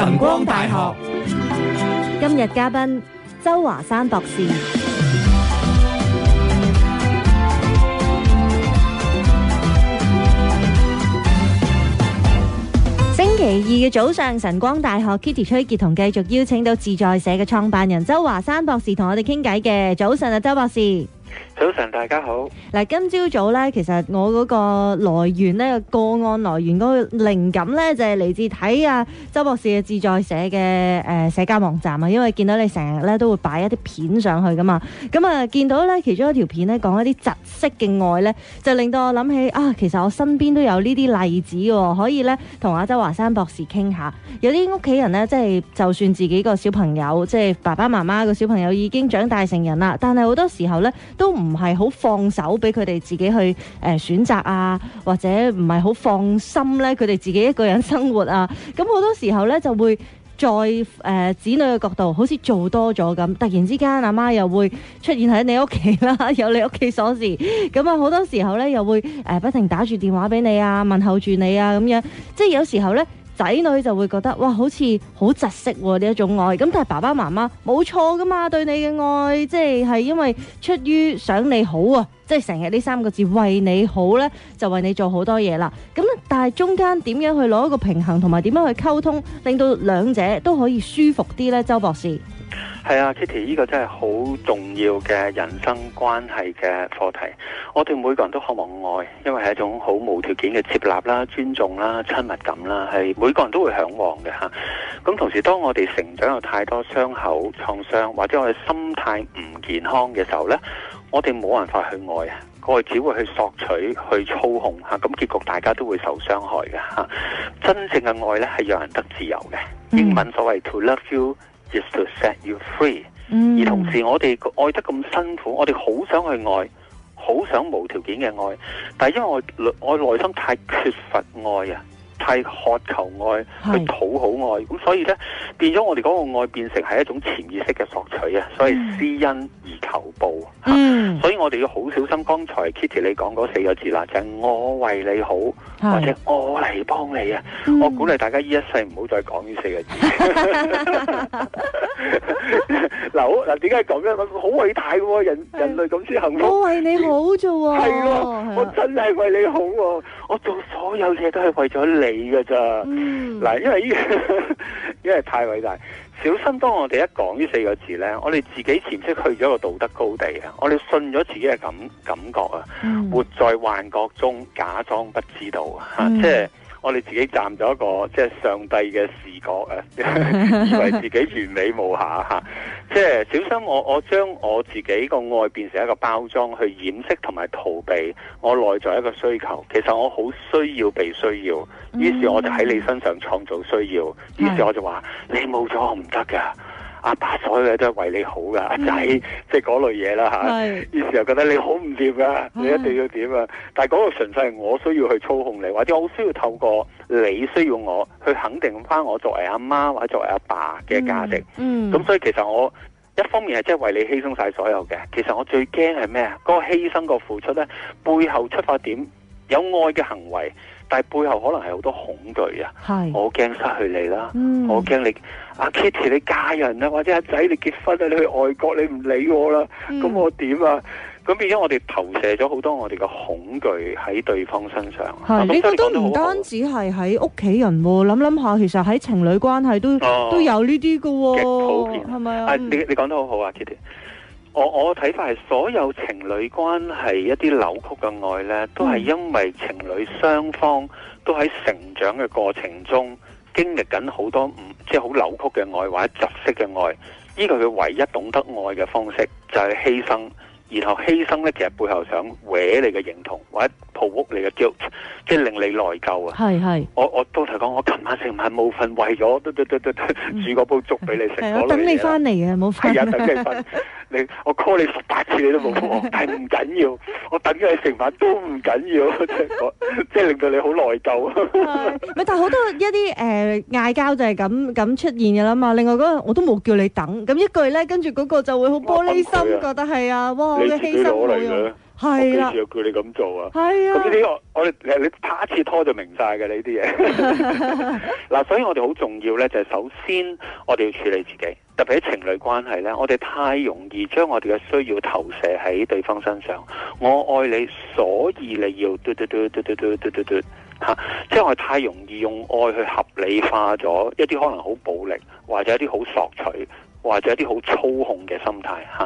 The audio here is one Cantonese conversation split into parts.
晨光大學今日嘉賓周華山博士。星期二嘅早上，晨光大學 Kitty 崔潔同繼續邀請到自在社嘅創辦人周華山博士同我哋傾偈嘅。早晨啊，周博士。早晨，大家好。嗱，今朝早咧，其實我嗰個來源咧個案來源嗰個靈感咧，就係、是、嚟自睇啊周博士嘅自在社嘅誒、呃、社交網站啊。因為見到你成日咧都會擺一啲片上去噶嘛，咁、嗯、啊見到咧其中一條片咧講一啲窒息嘅愛咧，就令到我諗起啊，其實我身邊都有呢啲例子喎、啊，可以咧同阿周華山博士傾下。有啲屋企人咧，即、就、係、是、就算自己個小朋友，即、就、係、是、爸爸媽媽個小朋友已經長大成人啦，但係好多時候咧都唔。唔係好放手俾佢哋自己去誒、呃、選擇啊，或者唔係好放心咧，佢哋自己一個人生活啊。咁、嗯、好多時候咧就會在誒、呃、子女嘅角度，好似做多咗咁。突然之間，阿媽，媽又會出現喺你屋企啦， 有你屋企鎖匙。咁、嗯、啊，好多時候咧又會誒、呃、不停打住電話俾你啊，問候住你啊，咁樣。即係有時候咧。仔女就會覺得哇，好似好窒息呢、啊、一種愛。咁但係爸爸媽媽冇錯㗎嘛，對你嘅愛即係係因為出於想你好啊，即係成日呢三個字為你好呢，就為你做好多嘢啦。咁但係中間點樣去攞一個平衡，同埋點樣去溝通，令到兩者都可以舒服啲呢？周博士。係啊，Kitty，呢個真係好重要嘅人生關係嘅課題。我哋每個人都渴望愛，因為係一種好無條件嘅接納啦、尊重啦、親密感啦，係每個人都會向往嘅吓。咁同時，當我哋成長有太多傷口、創傷，或者我哋心態唔健康嘅時候呢，我哋冇辦法去愛啊，我哋只會去索取、去操控吓，咁結局大家都會受傷害嘅吓。真正嘅愛呢，係讓人得自由嘅。Mm. 英文所謂 To love you。Just to set you free，Mm. 而同時我哋愛得咁辛苦，我哋好想去愛，好想無條件嘅愛，但係因為我內我內心太缺乏愛啊。太渴求愛，去討好愛，咁是所以呢，變咗我哋嗰個愛變成係一種潛意識嘅索取啊！嗯、所以施恩而求報，嗯啊、所以我哋要好小心。剛才 Kitty 你講嗰四個字啦，嗯、就係我為你好，是或者我嚟幫你啊！嗯、我鼓勵大家呢一世唔好再講呢四個字。嗯 嗱，嗱，點解係咁樣？好偉大嘅，人類 人類咁先幸福。我為你好啫， 係我真係為你好，我做所有嘢都係為咗你噶咋？嗱，嗯、因為呢，因為太偉大，小心！當我哋一講呢四個字咧，我哋自己潛意識去咗個道德高地啊！我哋信咗自己嘅感感覺啊，活在幻覺中，假裝不知道啊，嗯嗯、即係。我哋自己站咗一個即係上帝嘅視角啊，以為自己完美無瑕吓，即 係、 就是、小心我我將我自己個愛變成一個包裝去掩飾同埋逃避我內在一個需求。其實我好需要被需要，於是我就喺你身上創造需要，於、mm. 是我就話、mm. 你冇咗我唔得㗎。阿爸所有嘢都係為你好噶，阿仔即係嗰類嘢啦吓。有時又覺得你好唔掂噶，的你一定要點啊！但係嗰個純粹係我需要去操控你，或者我需要透過你需要我去肯定翻我作為阿媽或者作為阿爸嘅價值。咁、嗯嗯、所以其實我一方面係即係為你犧牲晒所有嘅。其實我最驚係咩啊？嗰個犧牲個付出咧，背後出發點有愛嘅行為，但係背後可能係好多恐懼啊！是我驚失去你啦，我驚你。嗯阿、啊、Kitty，你嫁人啦，或者阿仔你結婚啦，你去外國，你唔理我啦，咁、嗯、我點啊？咁變咗我哋投射咗好多我哋嘅恐懼喺對方身上。係是，呢個、啊、都唔單止係喺屋企人、啊，諗諗下，其實喺情侶關係都、啊、都有呢啲㗎。極普遍係咪？是是啊，你你講得好好啊，Kitty。我我睇法係所有情侶關係一啲扭曲嘅愛咧，都係因為情侶雙方都喺成長嘅過程中。嗯經歷緊好多唔，即係好扭曲嘅愛或者窒息嘅愛，呢、這個佢唯一懂得愛嘅方式就係、是、犧牲，然後犧牲呢，其實背後想搲你嘅認同或者抱屋你嘅 guilt，即係令你內疚啊！係係是，我我到頭講，我琴晚成晚冇瞓，為咗都都都都，都煮嗰煲粥俾你食，嗯、我等你翻嚟啊！冇瞓。 你我 call 你十八次你都冇覆，但係唔緊要， 我等咗你成晚都唔緊要，即係 令到你好內疚。唔 係，但係好多一啲誒嗌交就係咁咁出現嘅啦嘛。另外嗰、那個我都冇叫你等，咁一句咧，跟住嗰個就會好玻璃心，啊啊、覺得係啊，哇你哇我嘅犧牲冇用。係啊，我幾時要叫你咁做啊？係啊，咁呢啲我我你你拍一次拖就明晒嘅呢啲嘢。嗱，所以我哋好重要咧，就係首先我哋要處理自己，特別係情侶關係咧，我哋太容易將我哋嘅需要投射喺對方身上。我愛你，所以你要嘟嘟嘟嘟嘟嘟嘟嘟，吓，即係我哋太容易用愛去合理化咗一啲可能好暴力或者一啲好索取。或者一啲好操控嘅心態吓，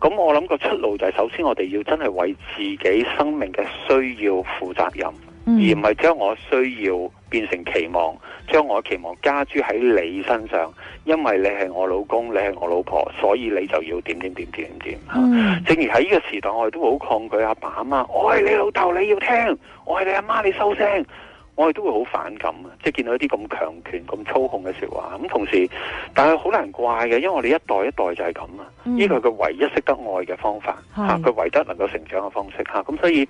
咁、啊、我諗個出路就係首先我哋要真係為自己生命嘅需要負責任，嗯、而唔係將我需要變成期望，將我期望加諸喺你身上，因為你係我老公，你係我老婆，所以你就要點點點點點。啊嗯、正如喺呢個時代，我哋都好抗拒阿爸阿媽，我係你老豆，你要聽；我係你阿媽，你收聲。我哋都會好反感啊！即係見到一啲咁強權、咁操控嘅說話，咁同時，但係好難怪嘅，因為我哋一代一代就係咁啊！呢個係佢唯一識得愛嘅方法，吓佢是、啊、唯一能夠成長嘅方式，吓、啊、咁所以，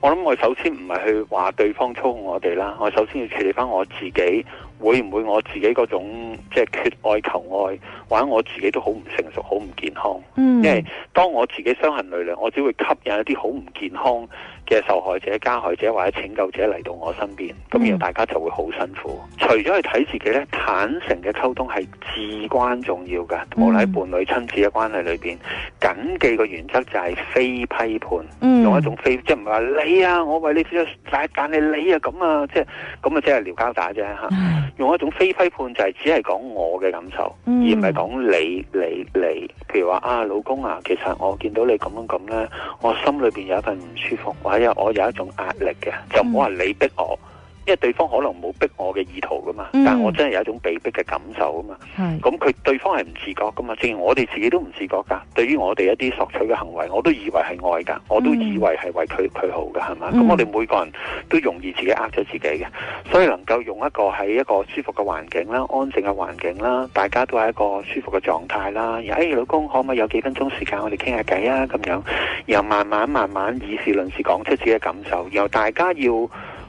我諗我哋首先唔係去話對方操控我哋啦，我首先要處理翻我自己。會唔會我自己嗰種即係缺愛求愛，或者我自己都好唔成熟，好唔健康？嗯，因為當我自己傷痕累累，我只會吸引一啲好唔健康嘅受害者、加害者或者拯救者嚟到我身邊，咁然後大家就會好辛苦。嗯、除咗去睇自己咧，坦誠嘅溝通係至關重要噶，無論喺伴侶、親子嘅關係裏邊，謹記嘅原則就係非批判，嗯、用一種非即係唔係話你啊，我為你，但但係你啊咁啊，即係咁啊，即係撩交打啫吓。嗯用一種非批判就係、是、只係講我嘅感受，而唔係講你、你、你。譬如話啊，老公啊，其實我見到你咁樣咁咧，我心裏邊有一份唔舒服，或者我有一種壓力嘅，就唔好話你逼我。因為對方可能冇逼我嘅意圖噶嘛。嗯、但係我真係有一種被逼嘅感受啊嘛。咁佢是對方係唔自覺噶嘛，正如我哋自己都唔自覺噶。對於我哋一啲索取嘅行為，我都以為係愛噶，嗯、我都以為係為佢佢好噶，係嘛？咁、嗯、我哋每個人都容易自己呃咗自己嘅，所以能夠用一個喺一個舒服嘅環境啦、安靜嘅環境啦，大家都係一個舒服嘅狀態啦。哎，hey, 老公可唔可以有幾分鐘時間我哋傾下偈啊？咁樣，然後慢慢慢慢，慢，慢以事論事講出自己嘅感受，然後大家要。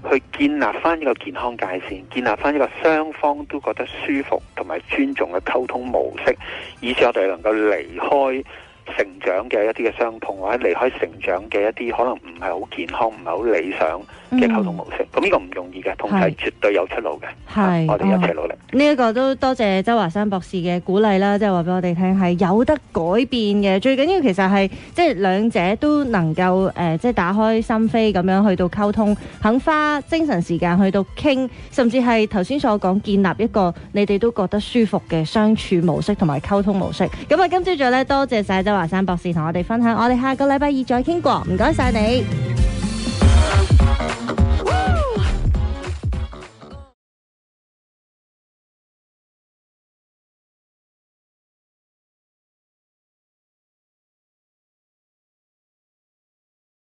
去建立翻呢個健康界線，建立翻呢個雙方都覺得舒服同埋尊重嘅溝通模式，以至我哋能夠離開成長嘅一啲嘅傷痛，或者離開成長嘅一啲可能唔係好健康、唔係好理想嘅溝通模式，咁呢個唔容易嘅，但係絕對有出路嘅。係，我哋一齊努力。呢一個都多謝周華山博士嘅鼓勵啦，即係話俾我哋聽係有得改變嘅。最緊要其實係即係兩者都能夠誒，即係打開心扉咁樣去到溝通，肯花精神時間去到傾，甚至係頭先所講建立一個你哋都覺得舒服嘅相處模式同埋溝通模式。咁啊，今朝早咧，多謝曬周華山博士同我哋分享，我哋下個禮拜二再傾過，唔該晒你。